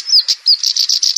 フフフ。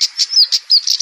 フッ。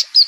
Thank you.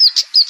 Thank you.